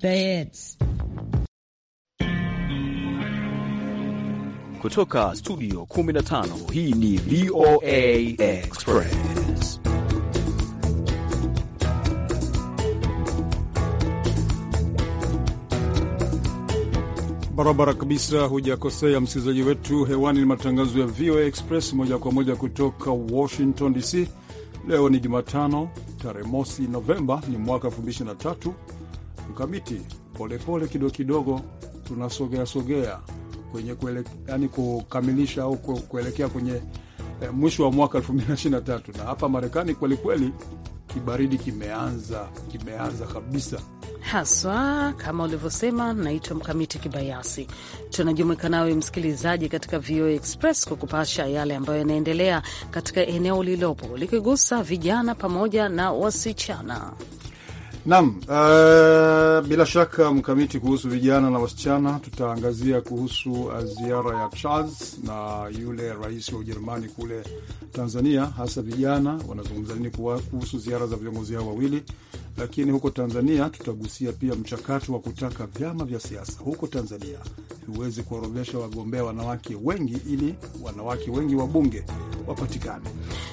The hits. Kutoka studio 15 hii ni VOA Express. Barabara kabisa, hujakosea msikilizaji wetu. Hewani ni matangazo ya VOA Express moja kwa moja kutoka Washington DC. Leo ni Jumatano, tarehe mosi Novemba, ni mwaka 2023 Mkamiti, polepole kidogo kidogo tunasogea sogea kwenye kuele, yani kukamilisha au kuelekea kwenye eh, mwisho wa mwaka 2023 na hapa Marekani kwelikweli kibaridi kimeanza, kimeanza kabisa haswa kama ulivyosema. Naitwa Mkamiti Kibayasi. Tunajumuika nawe msikilizaji katika VOA Express kukupasha yale ambayo yanaendelea katika eneo lilopo likigusa vijana pamoja na wasichana. Naam, uh, bila shaka mkamiti, kuhusu vijana na wasichana tutaangazia kuhusu eh, ziara ya Charles na yule rais wa Ujerumani kule Tanzania, hasa vijana wanazungumza nini kuhusu ziara za viongozi hao wawili lakini huko Tanzania tutagusia pia mchakato wa kutaka vyama vya siasa huko Tanzania viweze kuorodhesha wagombea wanawake wengi ili wanawake wengi wa bunge wapatikane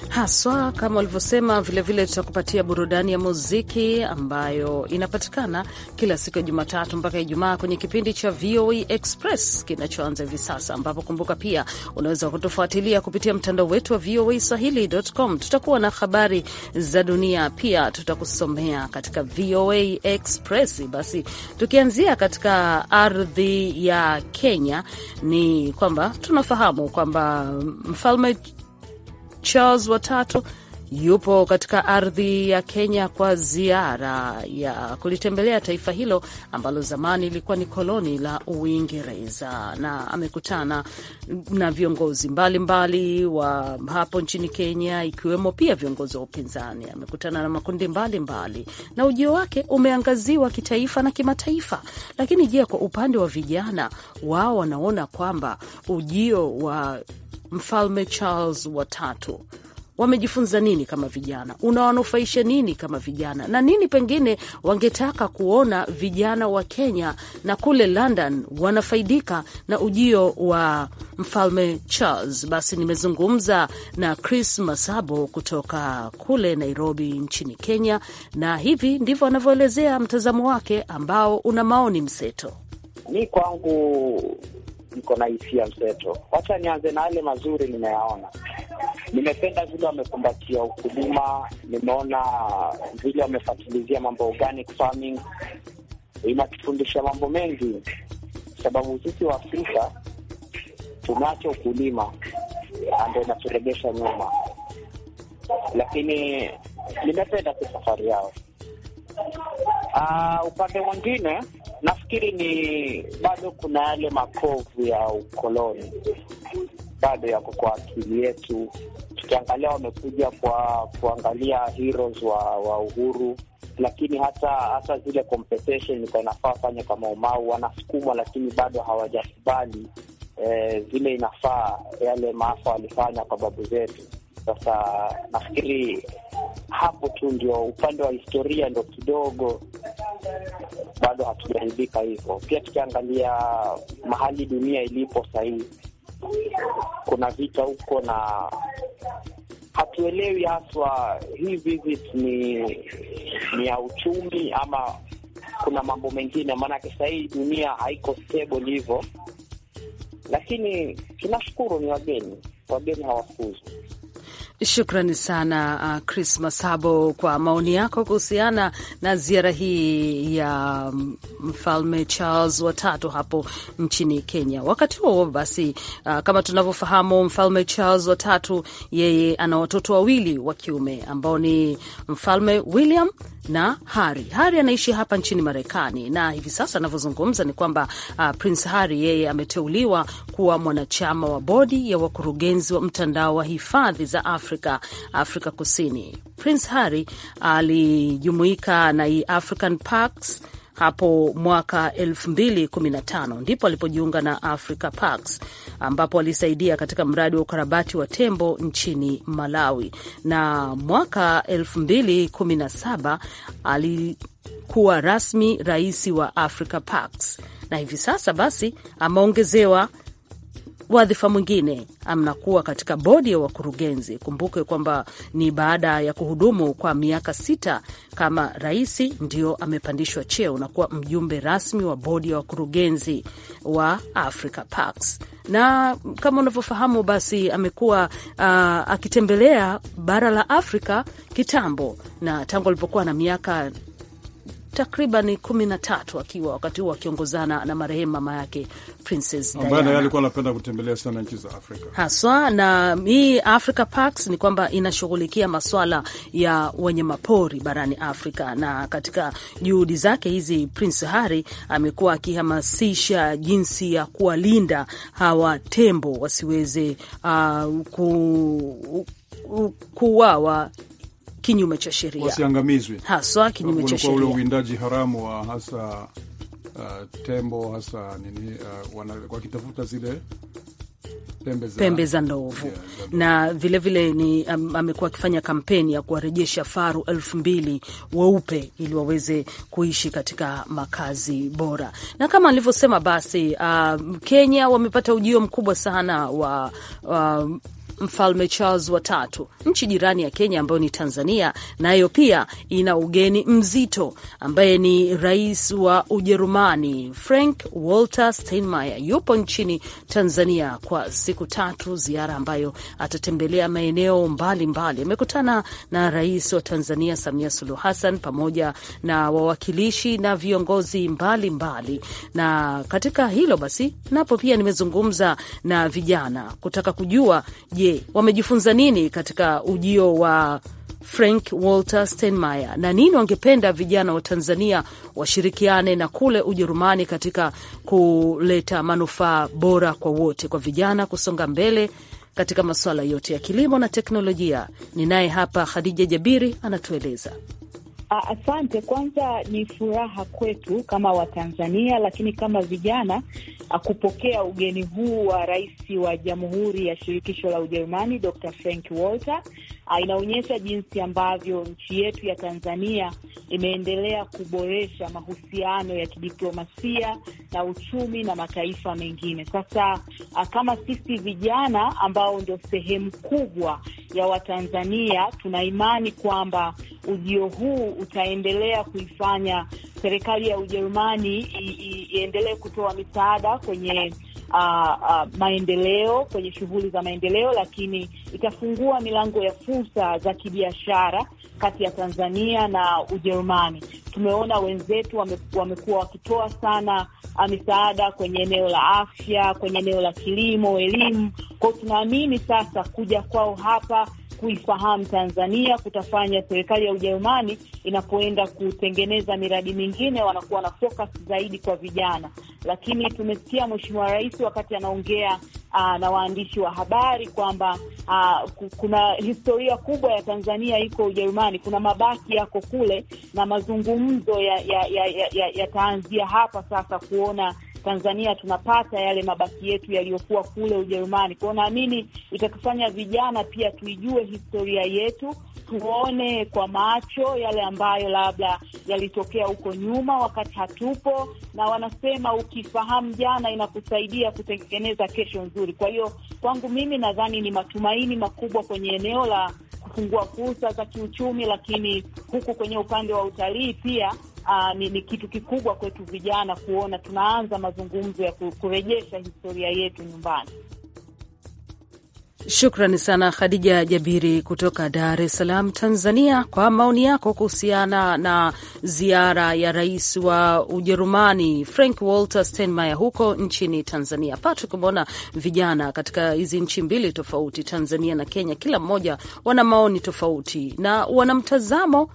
haswa kama ulivyosema. Vilevile tutakupatia burudani ya muziki ambayo inapatikana kila siku ya Jumatatu mpaka Ijumaa kwenye kipindi cha VOA e Express kinachoanza hivi sasa, ambapo kumbuka pia unaweza kutufuatilia kupitia mtandao wetu wa VOA e Swahili.com. Tutakuwa na habari za dunia pia tutakusomea katika VOA Express. Basi tukianzia katika ardhi ya Kenya, ni kwamba tunafahamu kwamba mfalme Charles watatu yupo katika ardhi ya Kenya kwa ziara ya kulitembelea taifa hilo ambalo zamani ilikuwa ni koloni la Uingereza, na amekutana na viongozi mbalimbali mbali wa hapo nchini Kenya, ikiwemo pia viongozi wa upinzani. Amekutana na makundi mbalimbali mbali, na ujio wake umeangaziwa kitaifa na kimataifa. Lakini je, kwa upande wa vijana, wao wanaona kwamba ujio wa Mfalme Charles watatu wamejifunza nini kama vijana, unawanufaisha nini kama vijana, na nini pengine wangetaka kuona vijana wa Kenya na kule London wanafaidika na ujio wa mfalme Charles. Basi nimezungumza na Chris Masabo kutoka kule Nairobi nchini Kenya, na hivi ndivyo anavyoelezea mtazamo wake ambao una maoni mseto. Mi kwangu niko na hisia mseto. Wacha nianze na yale mazuri nimeyaona. Nimependa vile wamekumbatia ukulima, nimeona vile wamefatilizia mambo organic farming, inatufundisha mambo mengi, sababu sisi wa Afrika tunacho ukulima ando inaturegesha nyuma, lakini nimependa tu safari yao. Uh, upande mwingine nafikiri ni bado kuna yale makovu ya ukoloni bado yako kwa akili yetu, ukiangalia wamekuja kwa kuangalia heroes wa, wa uhuru lakini hata hata zile compensation ilikuwa inafaa fanya kama umau wanasukumwa, lakini bado hawajakubali eh, zile inafaa yale maafa walifanya kwa babu zetu. Sasa nafikiri hapo tu ndio upande wa historia ndo kidogo bado hatujaridhika hivyo. Pia tukiangalia mahali dunia ilipo sahii, kuna vita huko na hatuelewi haswa hii visit ni, ni ya uchumi ama kuna mambo mengine, maanake saa hii dunia haiko stable hivyo, lakini tunashukuru ni wageni, wageni hawafuzwi. Shukrani sana uh, Chris Masabo kwa maoni yako kuhusiana na ziara hii ya um, Mfalme Charles watatu hapo nchini Kenya. Wakati huo basi, uh, kama tunavyofahamu, Mfalme Charles watatu yeye ana watoto wawili wa kiume ambao ni Mfalme William na Hari. Hari anaishi hapa nchini Marekani na hivi sasa anavyozungumza ni kwamba uh, Prince Hari yeye ameteuliwa kuwa mwanachama wa bodi ya wakurugenzi wa mtandao wa hifadhi za Afrika, Afrika Kusini. Prince Hari alijumuika na African Parks hapo mwaka 2015 ndipo alipojiunga na Africa Parks ambapo alisaidia katika mradi wa ukarabati wa tembo nchini Malawi, na mwaka 2017 alikuwa rasmi rais wa Africa Parks na hivi sasa basi ameongezewa wadhifa mwingine, mnakuwa katika bodi ya wakurugenzi. Kumbuke kwamba ni baada ya kuhudumu kwa miaka sita kama rais, ndio amepandishwa cheo na kuwa mjumbe rasmi wa bodi ya wakurugenzi wa Africa Parks na kama unavyofahamu basi amekuwa uh, akitembelea bara la Afrika kitambo, na tangu alipokuwa na miaka takriban kumi na tatu akiwa wakati huo akiongozana na marehemu mama yake Princess Diana. Alikuwa anapenda kutembelea sana nchi za Afrika haswa, na hii Africa Parks ni kwamba inashughulikia maswala ya wanyamapori barani Afrika, na katika juhudi zake hizi Prince Harry amekuwa akihamasisha jinsi ya kuwalinda hawa tembo wasiweze uh, ku kuwawa kinyume cha sheria, wasiangamizwe haswa kinyume cha sheria, ule uwindaji haramu wa hasa uh, tembo hasa nini uh, wakitafuta zile pembe za ndovu yeah, na vilevile vile ni am, amekuwa akifanya kampeni ya kuwarejesha faru elfu mbili weupe ili waweze kuishi katika makazi bora. Na kama alivyosema basi, uh, Kenya wamepata ujio mkubwa sana wa uh, Mfalme Charles watatu. Nchi jirani ya Kenya ambayo ni Tanzania nayo pia ina ugeni mzito ambaye ni rais wa Ujerumani Frank Walter Steinmeier yupo nchini Tanzania kwa siku tatu, ziara ambayo atatembelea maeneo mbalimbali. Amekutana na rais wa Tanzania Samia Suluhu Hassan pamoja na wawakilishi na viongozi mbalimbali mbali. Na katika hilo basi, napo pia nimezungumza na vijana kutaka kujua je, je, wamejifunza nini katika ujio wa Frank Walter Steinmeier na nini wangependa vijana wa Tanzania washirikiane na kule Ujerumani katika kuleta manufaa bora kwa wote, kwa vijana kusonga mbele katika masuala yote ya kilimo na teknolojia. Ninaye hapa Khadija Jabiri anatueleza. Asante. Kwanza ni furaha kwetu kama Watanzania, lakini kama vijana kupokea ugeni huu wa rais wa Jamhuri ya Shirikisho la Ujerumani Dr. Frank Walter. Inaonyesha jinsi ambavyo nchi yetu ya Tanzania imeendelea kuboresha mahusiano ya kidiplomasia na uchumi na mataifa mengine. Sasa kama sisi vijana ambao ndio sehemu kubwa ya Watanzania. Tuna imani kwamba ujio huu utaendelea kuifanya serikali ya Ujerumani iendelee kutoa misaada kwenye Uh, uh, maendeleo kwenye shughuli za maendeleo, lakini itafungua milango ya fursa za kibiashara kati ya Tanzania na Ujerumani. Tumeona wenzetu wame, wamekuwa wakitoa sana ah, misaada kwenye eneo la afya, kwenye eneo la kilimo, elimu. Kwao tunaamini sasa kuja kwao hapa kuifahamu Tanzania, kutafanya serikali ya Ujerumani inapoenda kutengeneza miradi mingine wanakuwa na focus zaidi kwa vijana. Lakini tumesikia Mheshimiwa Rais wakati anaongea aa, ah, na waandishi wa habari kwamba ah, kuna historia kubwa ya Tanzania iko Ujerumani, kuna mabaki yako kule na mazungumzo yataanzia ya, ya, ya, ya hapa sasa kuona Tanzania tunapata yale mabaki yetu yaliyokuwa kule Ujerumani. Kwao naamini itatufanya vijana pia tuijue historia yetu, tuone kwa macho yale ambayo labda yalitokea huko nyuma wakati hatupo, na wanasema ukifahamu jana inakusaidia kutengeneza kesho nzuri. Kwa hiyo kwangu mimi nadhani ni matumaini makubwa kwenye eneo la kufungua fursa za kiuchumi, lakini huku kwenye upande wa utalii pia uh, ni, ni kitu kikubwa kwetu vijana kuona tunaanza mazungumzo ya kurejesha historia yetu nyumbani. Shukrani sana Khadija Jabiri kutoka Dar es Salaam, Tanzania, kwa maoni yako kuhusiana na ziara ya rais wa Ujerumani Frank Walter Steinmeier huko nchini Tanzania. Patrick, umeona vijana katika hizi nchi mbili tofauti, Tanzania na Kenya, kila mmoja wana maoni tofauti na wana mtazamo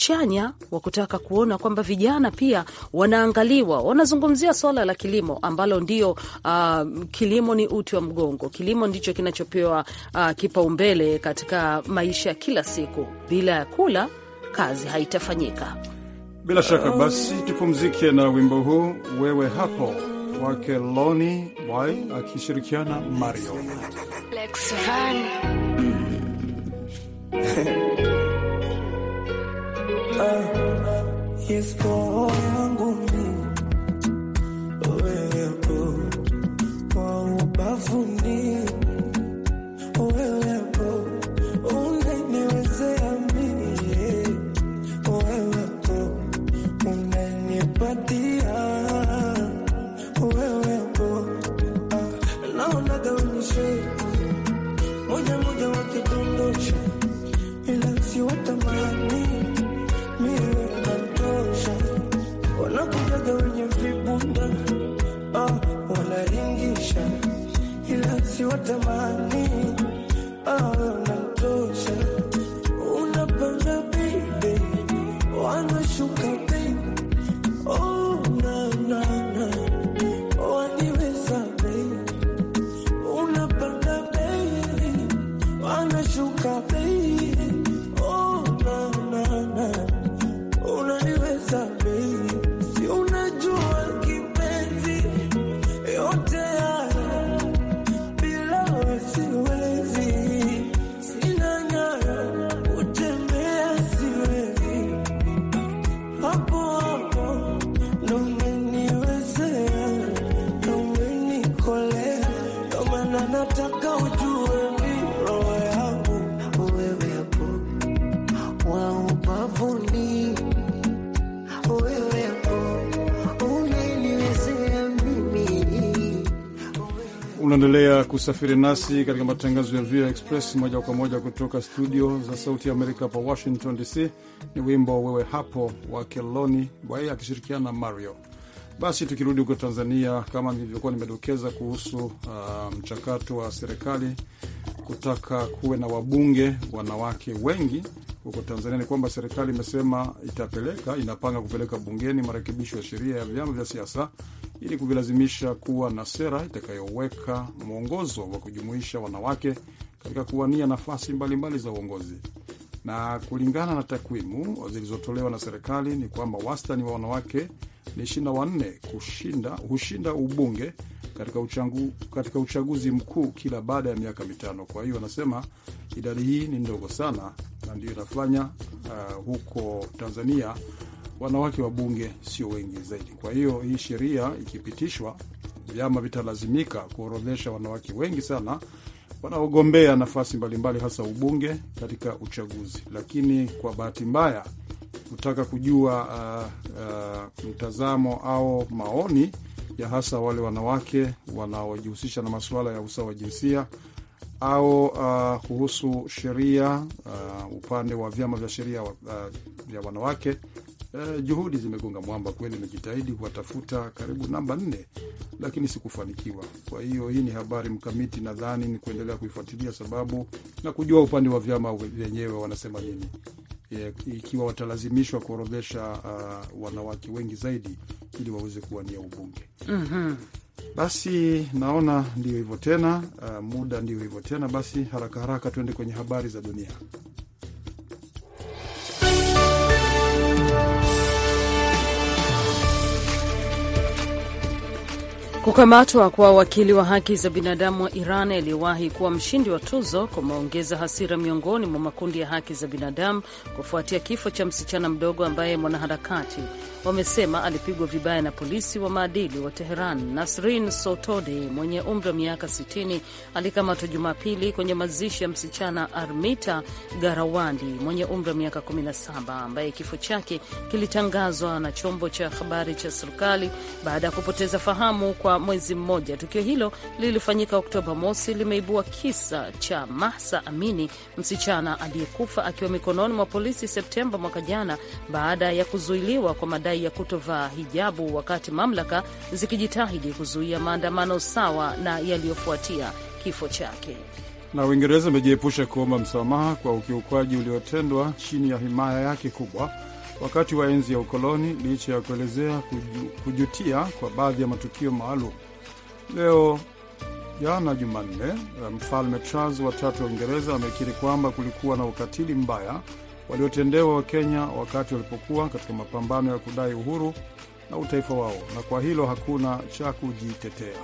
chanya wa kutaka kuona kwamba vijana pia wanaangaliwa. Wanazungumzia swala la kilimo ambalo ndio uh, kilimo ni uti wa mgongo. Kilimo ndicho kinachopewa uh, kipaumbele katika maisha ya kila siku. Bila ya kula kazi haitafanyika. Bila shaka basi, tupumzike na wimbo huu wewe hapo wake Loni Bwai akishirikiana Mario Lex yiskoyanguni wewebo kwa ubavuni wewebo uneniwezeyami wewepo unenibatia weweo kusafiri nasi katika matangazo ya VOA Express moja kwa moja kutoka studio za Sauti ya Amerika hapa Washington DC. Ni wimbo wewe hapo wa Keloni Bwai akishirikiana na Mario. Basi tukirudi huko Tanzania, kama nilivyokuwa nimedokeza kuhusu uh, mchakato wa serikali kutaka kuwe na wabunge wanawake wengi huko Tanzania ni kwamba serikali imesema itapeleka, inapanga kupeleka bungeni marekebisho ya sheria ya vyama vya siasa ili kuvilazimisha kuwa na sera itakayoweka mwongozo wa kujumuisha wanawake katika kuwania nafasi mbalimbali mbali za uongozi na kulingana na takwimu zilizotolewa na serikali ni kwamba wastani wa wanawake ni 24 kushinda hushinda ubunge katika, uchangu, katika uchaguzi mkuu kila baada ya miaka mitano. Kwa hiyo anasema idadi hii ni ndogo sana, na ndiyo inafanya uh, huko Tanzania wanawake wa bunge sio wengi zaidi. Kwa hiyo hii sheria ikipitishwa, vyama vitalazimika kuorodhesha wanawake wengi sana wanaogombea nafasi mbalimbali, hasa ubunge katika uchaguzi. Lakini kwa bahati mbaya, kutaka kujua uh, uh, mtazamo au maoni ya hasa wale wanawake wanaojihusisha na masuala ya usawa wa jinsia au uh, kuhusu sheria uh, upande wa vyama vya sheria uh, vya wanawake eh, juhudi zimegonga mwamba kweli. Nimejitahidi kuwatafuta karibu namba nne, lakini sikufanikiwa. Kwa hiyo hii ni habari mkamiti, nadhani ni kuendelea kuifuatilia sababu na kujua upande wa vyama vyenyewe wanasema nini. Yeah, ikiwa watalazimishwa kuorodhesha uh, wanawake wengi zaidi ili waweze kuwania ubunge. mm -hmm. Basi naona ndio hivyo tena, uh, muda ndio hivyo tena. Basi haraka haraka tuende kwenye habari za dunia. Kukamatwa kwa wakili wa haki za binadamu wa Iran aliyewahi kuwa mshindi wa tuzo kumeongeza hasira miongoni mwa makundi ya haki za binadamu kufuatia kifo cha msichana mdogo ambaye mwanaharakati wamesema alipigwa vibaya na polisi wa maadili wa Teheran. Nasrin Sotode mwenye umri wa miaka 60 alikamatwa Jumapili kwenye mazishi ya msichana Armita Garawandi mwenye umri wa miaka 17 ambaye kifo chake kilitangazwa na chombo cha habari cha serikali baada ya kupoteza fahamu kwa mwezi mmoja. Tukio hilo lilifanyika Oktoba mosi, limeibua kisa cha Mahsa Amini, msichana aliyekufa akiwa mikononi mwa polisi Septemba mwaka jana baada ya kuzuiliwa kwa madai madai ya kutovaa hijabu, wakati mamlaka zikijitahidi kuzuia maandamano sawa na yaliyofuatia kifo chake. Na Uingereza imejiepusha kuomba msamaha kwa ukiukwaji uliotendwa chini ya himaya yake kubwa wakati wa enzi ya ukoloni, licha ya kuelezea kujutia kwa baadhi ya matukio maalum. Leo jana Jumanne, Mfalme Charles watatu wa Uingereza amekiri kwamba kulikuwa na ukatili mbaya waliotendewa Wakenya wakati walipokuwa katika mapambano ya kudai uhuru na utaifa wao, na kwa hilo hakuna cha kujitetea.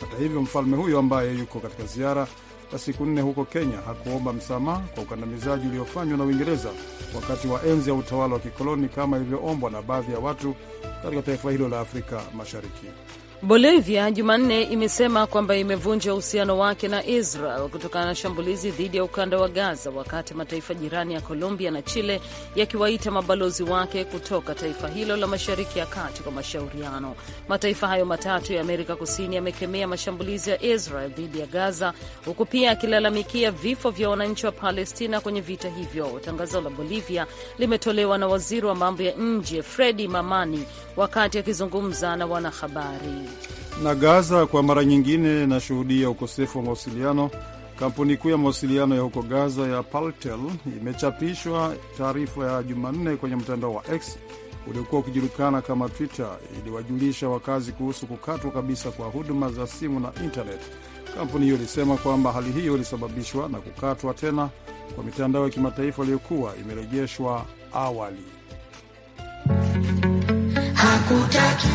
Hata hivyo, mfalme huyo ambaye yuko katika ziara ya siku nne huko Kenya hakuomba msamaha kwa ukandamizaji uliofanywa na Uingereza wakati wa enzi ya utawala wa kikoloni kama ilivyoombwa na baadhi ya watu katika taifa hilo la Afrika Mashariki. Bolivia Jumanne imesema kwamba imevunja uhusiano wake na Israel kutokana na shambulizi dhidi ya ukanda wa Gaza, wakati mataifa jirani ya Colombia na Chile yakiwaita mabalozi wake kutoka taifa hilo la Mashariki ya Kati kwa mashauriano. Mataifa hayo matatu ya Amerika Kusini yamekemea mashambulizi ya Israel dhidi ya Gaza, huku pia akilalamikia vifo vya wananchi wa Palestina kwenye vita hivyo. Tangazo la Bolivia limetolewa na waziri wa mambo ya nje Fredi Mamani wakati akizungumza na wanahabari. Na Gaza kwa mara nyingine inashuhudia ukosefu wa mawasiliano. Kampuni kuu ya mawasiliano ya huko Gaza ya Paltel imechapishwa taarifa ya Jumanne kwenye mtandao wa X uliokuwa ukijulikana kama Twitter, iliwajulisha wakazi kuhusu kukatwa kabisa kwa huduma za simu na intanet. Kampuni hiyo ilisema kwamba hali hiyo ilisababishwa na kukatwa tena kwa mitandao ya kimataifa iliyokuwa imerejeshwa awali. Sikutaki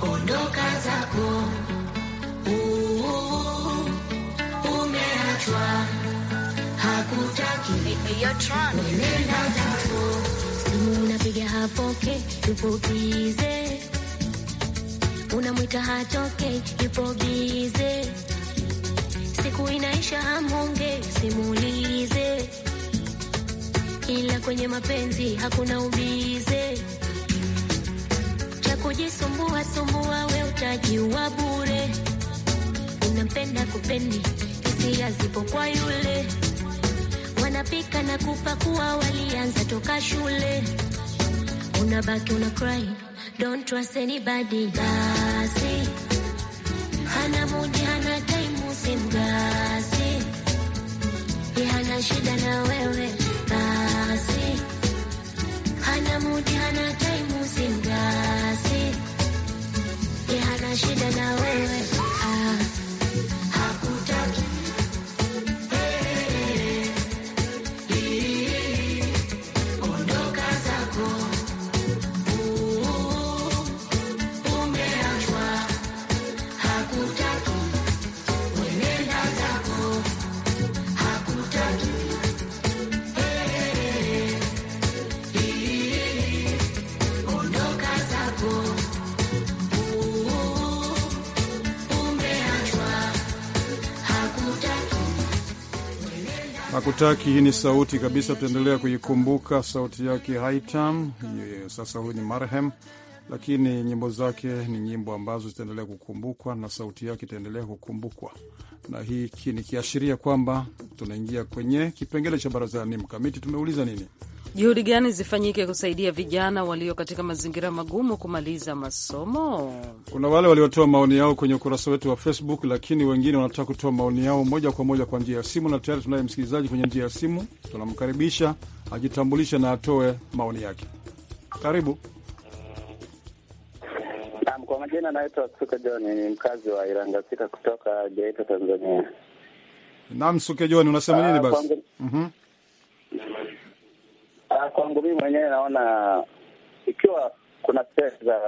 ondoka zako, umeachwa hakutaki nenda simu unapiga hapoke, tupokize unamwita hatoke, yupo bize, siku inaisha hamhonge, simulize ila kwenye mapenzi hakuna ubize cha kujisumbua sumbua, we utajiwa bure. Unampenda kupendi hisia zipo kwa yule, wanapika na kupakua, walianza toka shule. Unabaki una cry don't trust anybody, basi hana mudi, hana taimu, simgasi hana shida na wewe Shida na wewe ah. hakutaki. Hii ni sauti kabisa, tutaendelea kuikumbuka sauti yake Haitam. Sasa huyu ni marhem lakini nyimbo zake ni nyimbo ambazo zitaendelea kukumbukwa na sauti yake itaendelea kukumbukwa, na hiki ni kiashiria kwamba tunaingia kwenye kipengele cha barazani. Mkamiti, tumeuliza nini? Juhudi gani zifanyike kusaidia vijana walio katika mazingira magumu kumaliza masomo? Kuna wale waliotoa maoni yao kwenye ukurasa wetu wa Facebook, lakini wengine wanataka kutoa maoni yao moja kwa moja kwa njia ya simu, na tayari tunaye msikilizaji kwenye njia ya simu. Tunamkaribisha ajitambulishe na atoe maoni yake. Karibu. Naam, kwa majina naitwa Suke John, ni mkazi wa Irangasika kutoka Geita, Tanzania. Naam, Suke John, unasema nini ah, basi? Kwangu, mm mimi mwenyewe naona ikiwa kuna pesa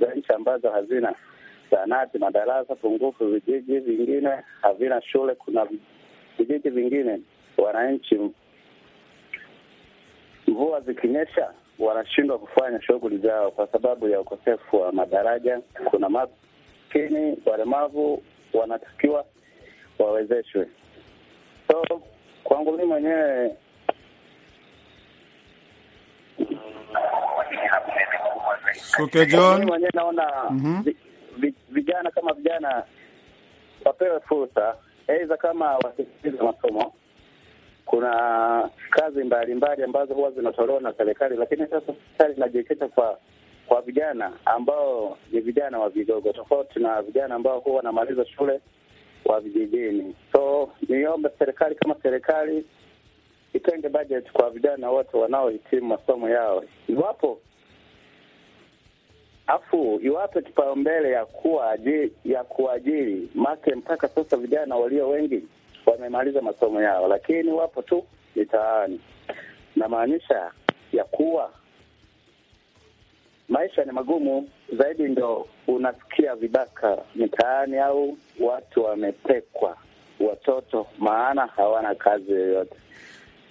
za nchi ambazo hazina zahanati, madarasa pungufu, vijiji vingine havina shule, kuna vijiji vingine wananchi mvua zikinyesha wanashindwa kufanya shughuli zao kwa sababu ya ukosefu wa madaraja. Kuna maskini, walemavu wanatakiwa wawezeshwe. So kwangu mimi mwenyewe Suke mwenyewe naona mm -hmm. Vijana kama vijana wapewe fursa, aidha kama wasikiliza masomo kuna kazi mbalimbali mbali ambazo huwa zinatolewa na serikali, lakini sasa serikali inajikita kwa kwa vijana ambao ni vijana wa vigogo, tofauti na vijana ambao huwa wanamaliza shule wa vijijini. So niombe serikali kama serikali itenge bajeti kwa vijana wote wanaohitimu masomo yao, iwapo afu iwape kipaumbele ya kuwa ya kuajiri make, mpaka sasa vijana walio wengi wamemaliza masomo yao, lakini wapo tu mitaani. Namaanisha ya kuwa maisha ni magumu zaidi, ndo unasikia vibaka mitaani au watu wametekwa watoto, maana hawana kazi yoyote.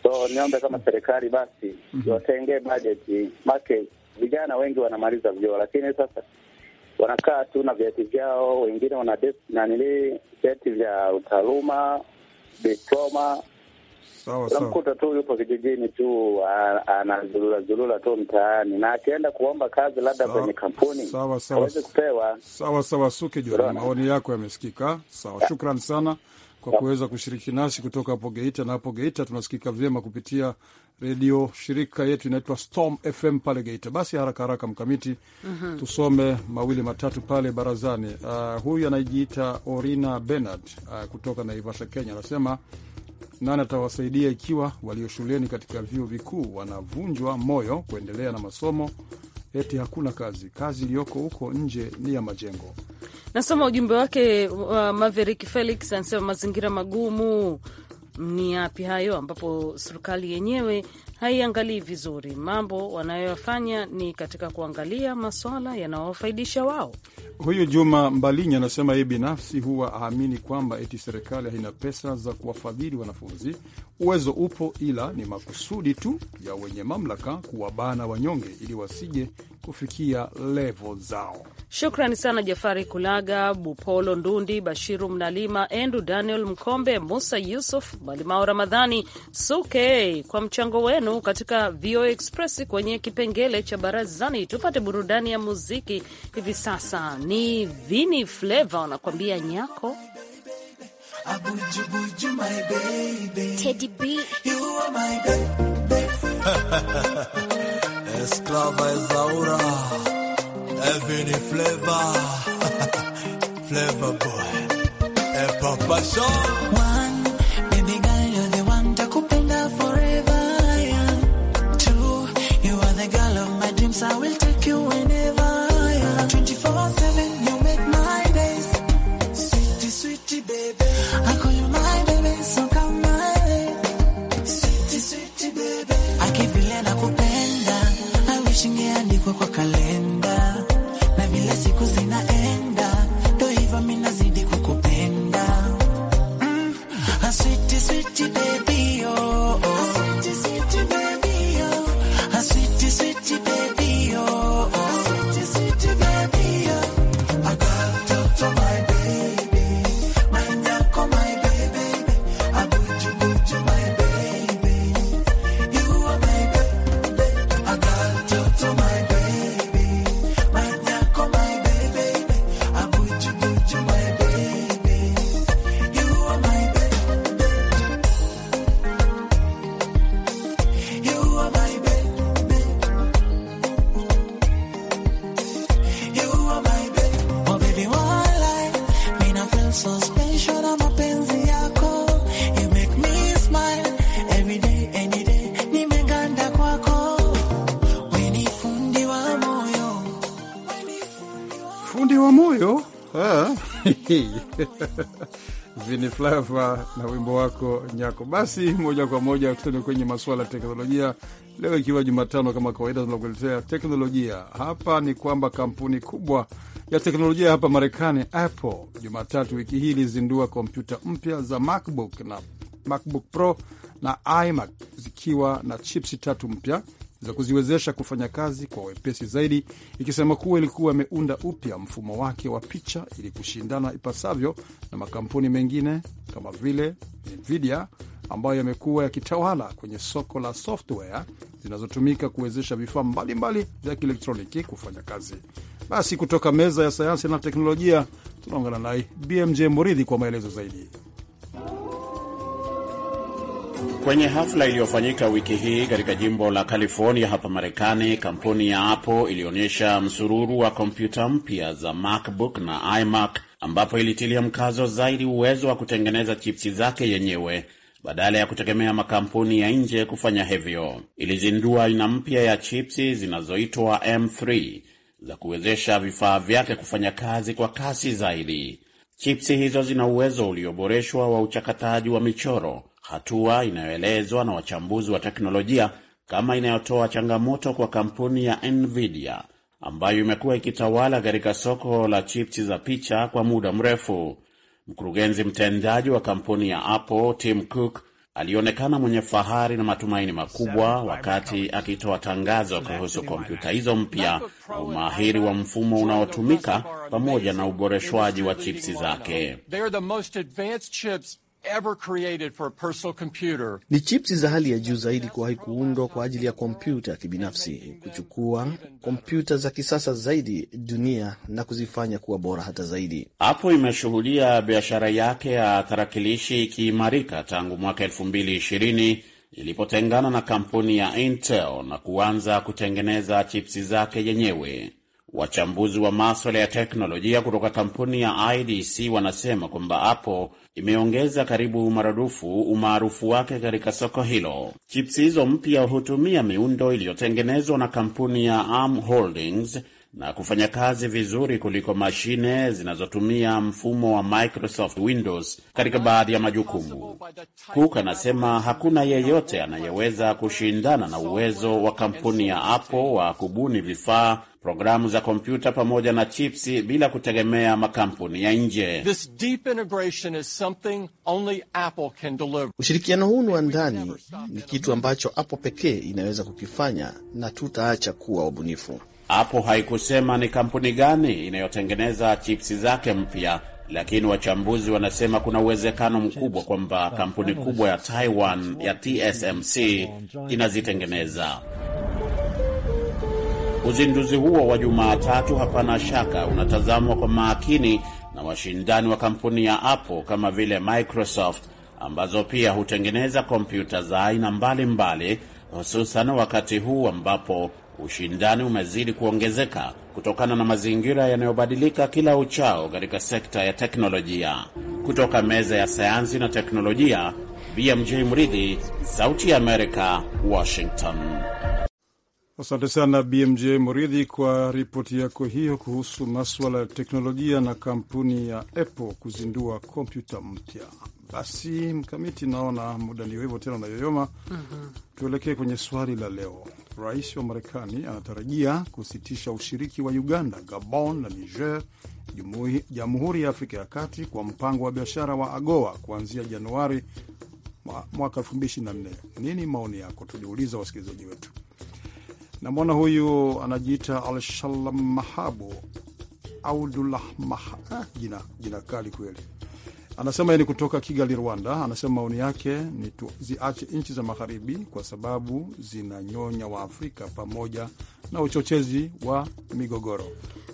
So niombe kama serikali basi mhm. watengee bajeti, make vijana wengi wanamaliza vyuo, lakini sasa wanakaa tu na vyeti vyao, wengine wana nanilii vyeti vya utaaluma, diploma. Sawa sawa, tu yupo kijijini tu anazulula zulula tu mtaani, na akienda kuomba kazi labda kwenye kampuni aweze kupewa. Sawa sawa, Suke Jua, maoni yako yamesikika. Sawa, shukran sana kwa kuweza kushiriki nasi kutoka hapo Geita, na hapo Geita tunasikika vyema kupitia redio shirika yetu inaitwa Storm FM pale Geita. Basi haraka haraka Mkamiti, mm -hmm. tusome mawili matatu pale barazani. Uh, huyu anajiita Orina Bernard uh, kutoka Naivasha, Kenya, anasema nani atawasaidia ikiwa walio shuleni katika vyuo vikuu wanavunjwa moyo kuendelea na masomo, eti hakuna kazi. Kazi iliyoko huko nje ni ya majengo Nasoma ujumbe wake uh, Maverick Felix anasema mazingira magumu ni yapi hayo, ambapo serikali yenyewe haiangalii vizuri mambo wanayoyafanya ni katika kuangalia maswala yanayowafaidisha wao. Huyu Juma Mbalinyi anasema yeye binafsi huwa aamini kwamba eti serikali haina pesa za kuwafadhili wanafunzi. Uwezo upo, ila ni makusudi tu ya wenye mamlaka kuwabana wanyonge ili wasije kufikia levo zao. Shukrani sana Jafari Kulaga, Bupolo Ndundi, Bashiru Mnalima, Endu Daniel Mkombe, Musa Yusuf, Mwalimao Ramadhani Suke kwa mchango wenu katika VO Express kwenye kipengele cha barazani. Tupate burudani ya muziki hivi sasa. Ni Vini Fleva wanakuambia nyako Every flavor, flavor boy, and Papa Vini Flava na wimbo wako Nyako. Basi moja kwa moja tuende kwenye masuala ya teknolojia leo, ikiwa Jumatano kama kawaida, tunakuletea teknolojia. Hapa ni kwamba kampuni kubwa ya teknolojia hapa Marekani, Apple, Jumatatu wiki hii ilizindua kompyuta mpya za MacBook na MacBook Pro na iMac zikiwa na chipsi tatu mpya za kuziwezesha kufanya kazi kwa wepesi zaidi, ikisema kuwa ilikuwa imeunda upya mfumo wake wa picha ili kushindana ipasavyo na makampuni mengine kama vile Nvidia ambayo yamekuwa yakitawala kwenye soko la software zinazotumika kuwezesha vifaa mbalimbali vya kielektroniki kufanya kazi. Basi kutoka meza ya sayansi na teknolojia tunaungana naye BMJ Muridhi kwa maelezo zaidi. Kwenye hafla iliyofanyika wiki hii katika jimbo la California hapa Marekani, kampuni ya Apple ilionyesha msururu wa kompyuta mpya za MacBook na iMac, ambapo ilitilia mkazo zaidi uwezo wa kutengeneza chipsi zake yenyewe badala ya kutegemea makampuni ya nje kufanya hivyo. Ilizindua aina mpya ya chipsi zinazoitwa M3 za kuwezesha vifaa vyake kufanya kazi kwa kasi zaidi. Chipsi hizo zina uwezo ulioboreshwa wa uchakataji wa michoro hatua inayoelezwa na wachambuzi wa teknolojia kama inayotoa changamoto kwa kampuni ya Nvidia ambayo imekuwa ikitawala katika soko la chipsi za picha kwa muda mrefu. Mkurugenzi mtendaji wa kampuni ya Apple Tim Cook alionekana mwenye fahari na matumaini makubwa wakati akitoa tangazo kuhusu kompyuta hizo mpya na umahiri wa mfumo unaotumika pamoja na uboreshwaji wa chipsi zake ever created for a personal computer. Ni chips za hali ya juu zaidi kuwahi kuundwa kwa ajili ya kompyuta ya kibinafsi, kuchukua kompyuta za kisasa zaidi dunia na kuzifanya kuwa bora hata zaidi. Apple imeshuhudia biashara yake ya tarakilishi ikiimarika tangu mwaka 2020 ilipotengana na kampuni ya Intel na kuanza kutengeneza chipsi zake yenyewe. Wachambuzi wa maswala ya teknolojia kutoka kampuni ya IDC wanasema kwamba Apple imeongeza karibu maradufu umaarufu wake katika soko hilo. Chips hizo mpya hutumia miundo iliyotengenezwa na kampuni ya Arm Holdings na kufanya kazi vizuri kuliko mashine zinazotumia mfumo wa Microsoft Windows katika baadhi ya majukumu. Cook anasema hakuna yeyote anayeweza kushindana na uwezo wa kampuni ya Apple wa kubuni vifaa programu za kompyuta pamoja na chipsi bila kutegemea makampuni ya nje. Ushirikiano huu wa ndani ni kitu ambacho Apple pekee inaweza kukifanya, na tutaacha kuwa wabunifu. Apple haikusema ni kampuni gani inayotengeneza chipsi zake mpya, lakini wachambuzi wanasema kuna uwezekano mkubwa kwamba kampuni kubwa ya Taiwan ya TSMC inazitengeneza. Uzinduzi huo wa Jumatatu hapana shaka unatazamwa kwa makini na washindani wa kampuni ya Apple kama vile Microsoft ambazo pia hutengeneza kompyuta za aina mbalimbali, hususan wakati huu ambapo ushindani umezidi kuongezeka kutokana na mazingira yanayobadilika kila uchao katika sekta ya teknolojia. Kutoka meza ya sayansi na teknolojia, BMJ Mridhi, Sauti ya Amerika, Washington. Asante sana BMJ Muridhi kwa ripoti yako hiyo kuhusu maswala ya teknolojia na kampuni ya Apple kuzindua kompyuta mpya. Basi Mkamiti, naona muda ndio hivyo tena unayoyoma. mm -hmm. Tuelekee kwenye swali la leo. Rais wa Marekani anatarajia kusitisha ushiriki wa Uganda, Gabon na Niger, Jamhuri ya Afrika ya Kati, kwa mpango wa biashara wa AGOA kuanzia Januari mwaka 2024. Nini maoni yako? Tuliuliza wasikilizaji wetu. Namwona huyu anajiita Alshalam Mahabu Audullah Mah, jina, jina kali kweli. Anasema ni kutoka Kigali, Rwanda. Anasema maoni yake ni ziache nchi za magharibi kwa sababu zinanyonya Waafrika pamoja na uchochezi wa migogoro.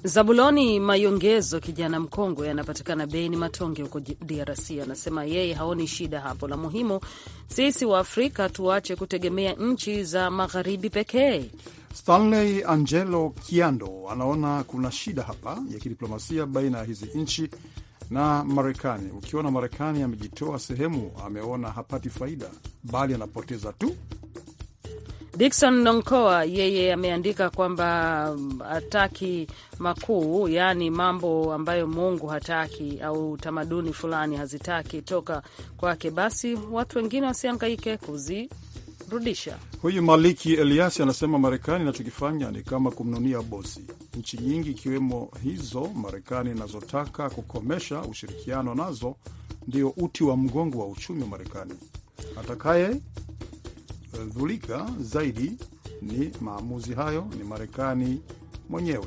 Zabuloni Mayongezo, kijana mkongwe anapatikana Beni Matonge huko DRC, anasema yeye haoni shida hapo. La muhimu sisi wa Afrika tuache kutegemea nchi za magharibi pekee. Stanley Angelo Kiando anaona kuna shida hapa ya kidiplomasia baina ya hizi nchi na Marekani. Ukiona Marekani amejitoa sehemu, ameona hapati faida, bali anapoteza tu dikson Nonkoa yeye ameandika kwamba mm, hataki makuu, yaani mambo ambayo Mungu hataki au tamaduni fulani hazitaki toka kwake, basi watu wengine wasiangaike kuzi Huyu Maliki eliasi anasema Marekani inachokifanya ni kama kumnunia bosi. Nchi nyingi ikiwemo hizo Marekani inazotaka kukomesha ushirikiano nazo ndio uti wa mgongo wa uchumi wa Marekani. Atakaye kudhulika zaidi ni maamuzi hayo ni Marekani mwenyewe.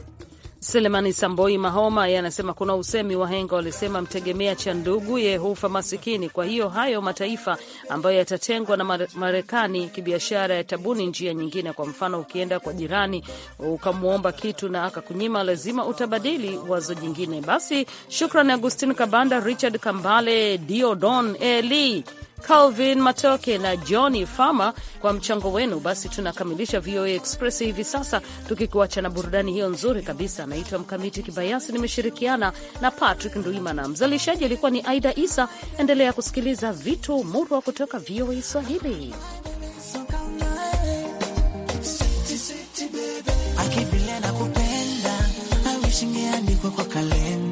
Selemani Samboi Mahoma yeye anasema kuna usemi wahenga walisema, mtegemea cha ndugu ye hufa masikini. Kwa hiyo hayo mataifa ambayo yatatengwa na Marekani kibiashara yatabuni njia nyingine. Kwa mfano, ukienda kwa jirani ukamwomba kitu na akakunyima, lazima utabadili wazo jingine. Basi shukrani Agustin Kabanda, Richard Kambale, Diodon Eli Calvin Matoke na Johnny farmer kwa mchango wenu. Basi tunakamilisha VOA Express hivi sasa, tukikuacha na burudani hiyo nzuri kabisa. anaitwa Mkamiti Kibayasi, nimeshirikiana na Patrick Nduimana, mzalishaji alikuwa ni Aida Isa. Endelea kusikiliza vitu murwa kutoka VOA Swahili. kupenda awishingeandikwa kwa kalenda